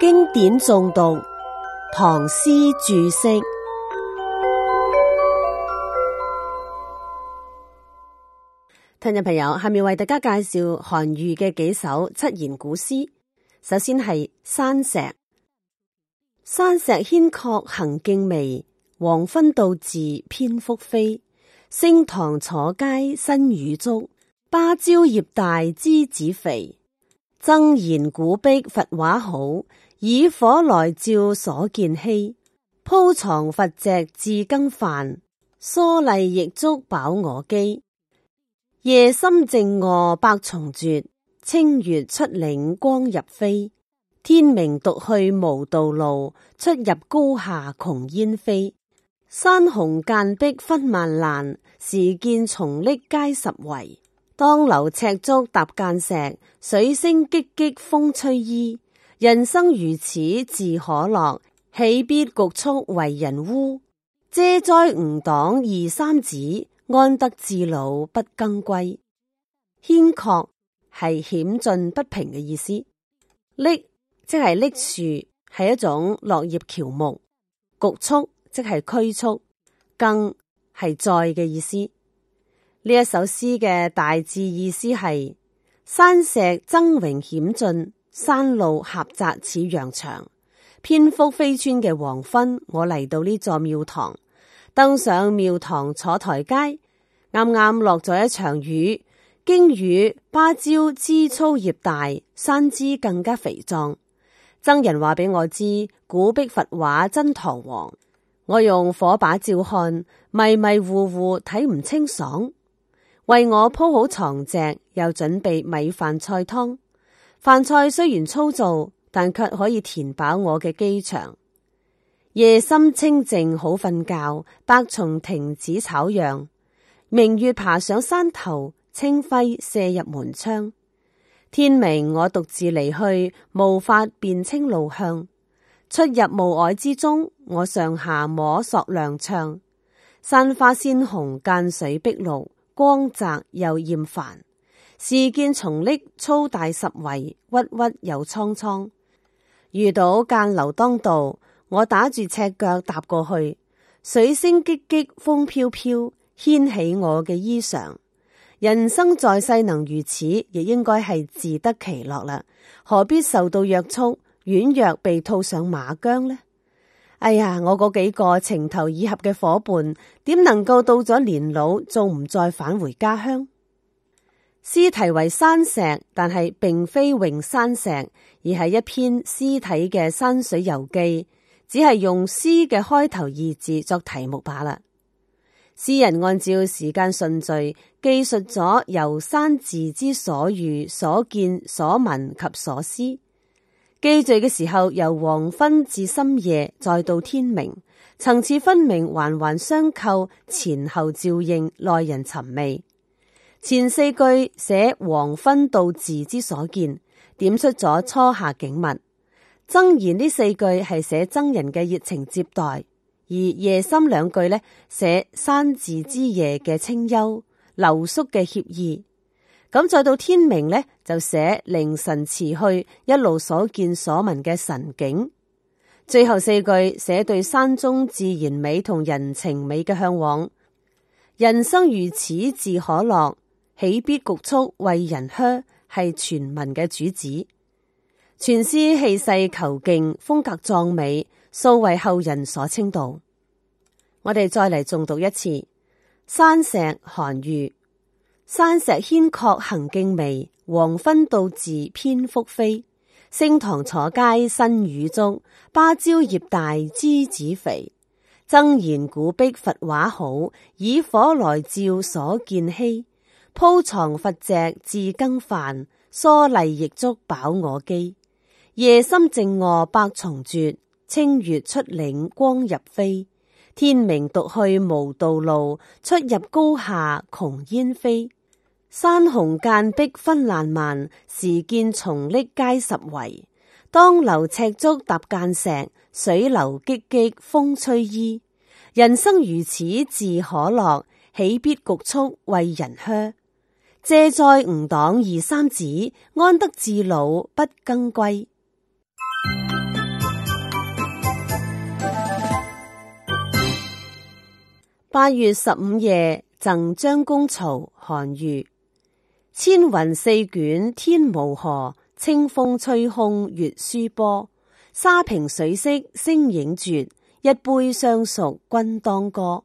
經典誦讀，唐詩注釋。聽眾朋友，下面為大家介紹韓愈嘅幾首七言古詩。首先係山石，山石犖確行徑微，黃昏到寺蝙蝠飛。升堂坐階新雨足，芭蕉葉大梔子肥。僧言古壁佛畫好。以火來照所見稀，鋪床拂席置羹飯，疏糲亦足飽我飢。夜深靜臥百蟲絕，清月出嶺光入扉。天明獨去無道路，出入高下窮煙飛。山紅澗碧紛萬爛，時見松栗皆十圍。當流赤足踏澗石，水聲激激風吹衣。人生如此自可樂，豈必局促為人污？嗟哉吾黨二三子，安得至老不更歸？犖確係險峻不平嘅意思，栗即係栗樹，係一種落葉喬木。局促即係拘束，更係在嘅意思。呢一首詩嘅大致意思係山石崢嶸險峻。山路狹窄似羊腸，蝙蝠飛穿嘅黃昏，我嚟到呢座廟堂，登上廟堂坐台階，啱啱落咗一場雨，經雨芭蕉枝粗葉大，山枝更加肥壯。僧人話俾我知古壁佛畫真堂皇，我用火把照看，迷迷糊糊睇唔清爽，為我鋪好床席，又準備米飯菜湯。飯菜雖然粗糙，但卻可以填飽我嘅饑腸。夜深清靜，好瞓覺。百蟲停止吵嚷，明月爬上山頭，清輝射入門窗。天明我獨自離去，無法辨清路向。出入霧靄之中，我上下摸索踉蹌。山花鮮紅，澗水碧綠，光澤又厭煩。事件重溺粗大十圍，鬱鬱又蒼蒼。遇到澗流當道，我打住赤腳踏過去，水聲激激，風飄飄，掀起我嘅衣裳。人生在世能如此，亦應該係自得其樂啦。何必受到約束，軟弱被套上馬韁呢？哎呀，我嗰幾個情投意合嘅伙伴，點能夠到咗年老仲唔再返回家鄉？詩題為山石，但係並非詠山石，而係一篇詩體嘅山水遊記，只係用詩嘅開頭二字作題目罷啦。詩人按照時間順序記述咗遊山時之所遇、所見、所聞及所思。記敘嘅時候由黃昏至深夜，再到天明，層次分明，環環相扣，前後照應，耐人尋味。前四句寫黃昏到寺之所見，點出咗初夏景物。僧言呢四句係寫僧人嘅熱情接待，而夜深兩句呢，寫山寺之夜嘅清幽、留宿嘅愜意。咁再到天明呢，就寫凌晨辭去一路所見所聞嘅神景。最後四句寫對山中自然美同人情美嘅向往。人生如此，自可樂。豈必局促為人靴？係全文嘅主旨。全詩氣勢求勁，風格壯美，素為後人所稱道。我哋再嚟誦讀一次：山石韓愈，山石軒確行徑微。黃昏到寺蝙蝠飛，升堂坐階新雨足，芭蕉葉大枝子肥。曾言古壁佛畫，畫好，以火來照所見稀。鋪床拂席自更飯，疏糲亦足飽我飢。夜深靜臥百蟲絕，清月出嶺光入扉。天明獨去無道路，出入高下窮煙飛。山紅澗碧紛爛漫，時見松栗皆十圍。當流赤足踏澗石，水流激激風吹衣。人生如此自可樂，豈必局促為人靴？借在吾黨二三子，安得至老不更歸？八月十五夜，贈張功曹韓愈。千雲四卷天無河，清風吹空月舒波。沙平水色星影絕，一杯相屬君當歌。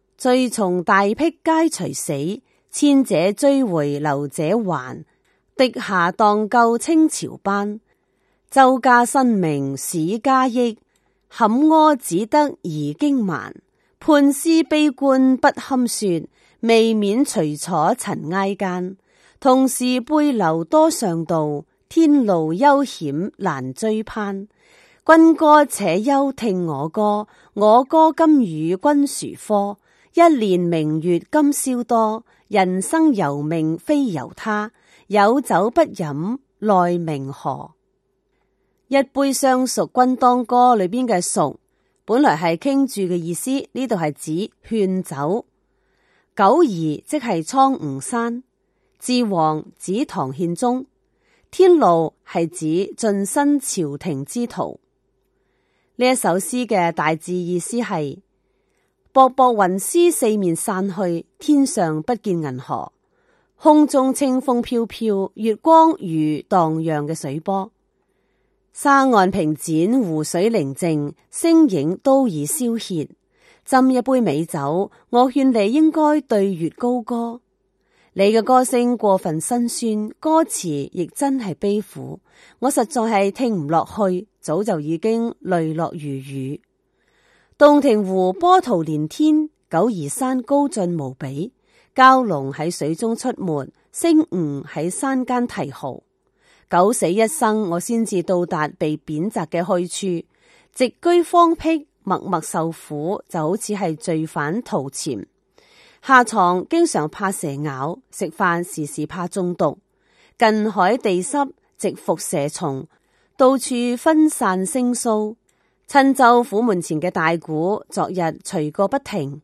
遂從大辟皆除死，遷者追回，流者還。滴下蕩救清朝班，周家新名史家益，坎坷只得而經蠻。判師悲觀不堪說，未免除楚塵埃間。同時背流多上道，天路幽險難追攀。君歌且休聽我歌，我歌今與君殊科。一年明月今宵多，人生由命非由他。有酒不飲奈明何？一杯相屬君當歌。裏邊嘅屬本來係傾注嘅意思，呢度係指勸酒。九嶷即係蒼梧山，至王指唐憲宗，天路係指進身朝廷之途。呢一首詩嘅大致意思係。薄薄雲絲四面散去，天上不見銀河，空中清風飄飄，月光如蕩漾嘅水波。沙岸平展，湖水寧靜，星影都已消歇。斟一杯美酒，我勸你應該對月高歌。你嘅歌聲過分辛酸，歌詞亦真係悲苦，我實在係聽唔落去，早就已經淚落如雨。洞庭湖波濤連天，九疑山高峻無比。蛟龍喺水中出沒，星吳喺山間啼號。九死一生，我先至到達被貶謫嘅去處，直居荒僻，默默受苦，就好似係罪犯逃潛。下床經常怕蛇咬，食飯時時怕中毒。近海地濕，直伏蛇蟲，到處分散腥臊。郴州府門前嘅大鼓，昨日捶個不停。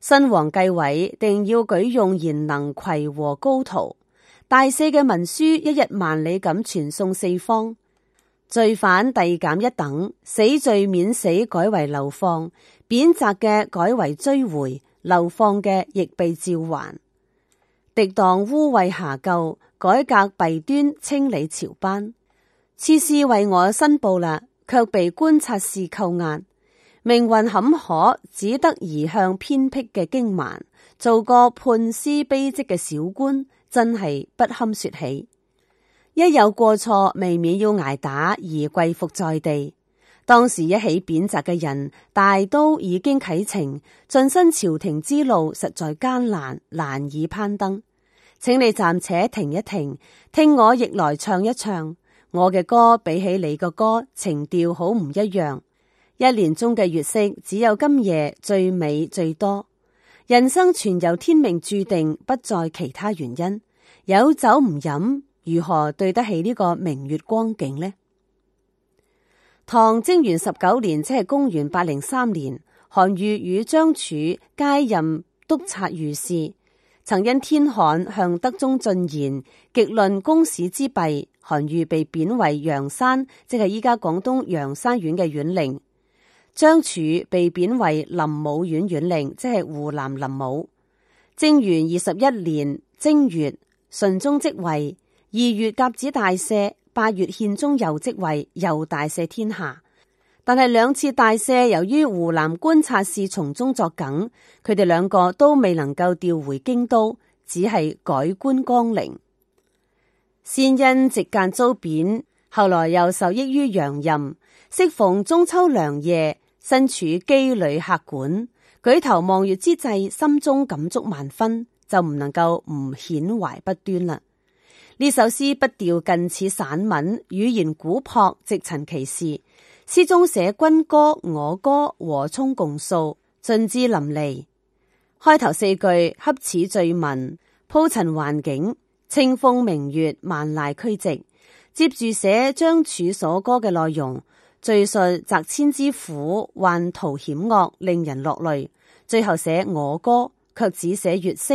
新王繼位，定要舉用賢能、魁和高徒。大赦嘅文書，一日萬里咁傳送四方。罪犯遞減一等，死罪免死改為流放，貶謫嘅改為追回，流放嘅亦被召還。滌蕩污穢瑕垢，改革弊端，清理朝班。此事為我申報啦。卻被觀察士扣押，命運坎坷，只得移向偏僻嘅荊蠻，做過判司卑職嘅小官，真係不堪說起。一有過錯，未免要挨打而跪伏在地。當時一起貶謫嘅人，大都已經啟程，晉身朝廷之路實在艱難，難以攀登。請你暫且停一停，聽我亦來唱一唱。我嘅歌比起你個歌情調好唔一樣。一年中嘅月色只有今夜最美最多。人生全由天命注定，不在其他原因。有酒唔飲，如何對得起呢個明月光景呢？唐貞元十九年，即係公元八零三年，韓愈與張楚皆任督察御史，曾因天旱向德宗進言，極論公史之弊。韓愈被貶為陽山，即係依家廣東陽山縣嘅縣令；張楚被貶為臨武縣縣令，即係湖南臨武。貞元二十一年正月，順宗即位；二月甲子大赦，八月憲宗又即位，又大赦天下。但係兩次大赦，由於湖南觀察使從中作梗，佢哋兩個都未能夠調回京都，只係改官江陵。先因直諫遭貶，後來又受益於楊任。適逢中秋良夜，身處羈旅客館，舉頭望月之際，心中感觸萬分，就唔能夠唔顯懷不端啦。呢首詩不調近似散文，語言古樸，直陳其事。詩中寫君歌我歌，和衷共訴，盡致淋漓。開頭四句恰似序文，鋪陳環境。清風明月，萬籟俱寂。接住寫張署所歌嘅內容，敘述謫遷之苦，宦途險惡，令人落淚。最後寫我歌，卻只寫月色。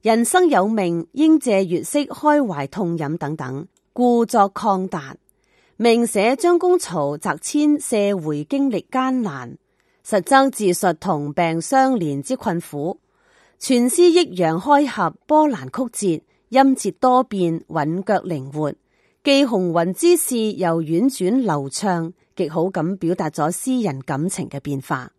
人生有命，應借月色開懷痛飲，等等，故作曠達。明寫張功曹謫遷社會經歷艱難，實則自述同病相憐之困苦。全詩抑揚開合，波瀾曲折。音節多變，韻腳靈活，既雄渾之勢又婉轉流暢，極好咁表達咗詩人感情嘅變化。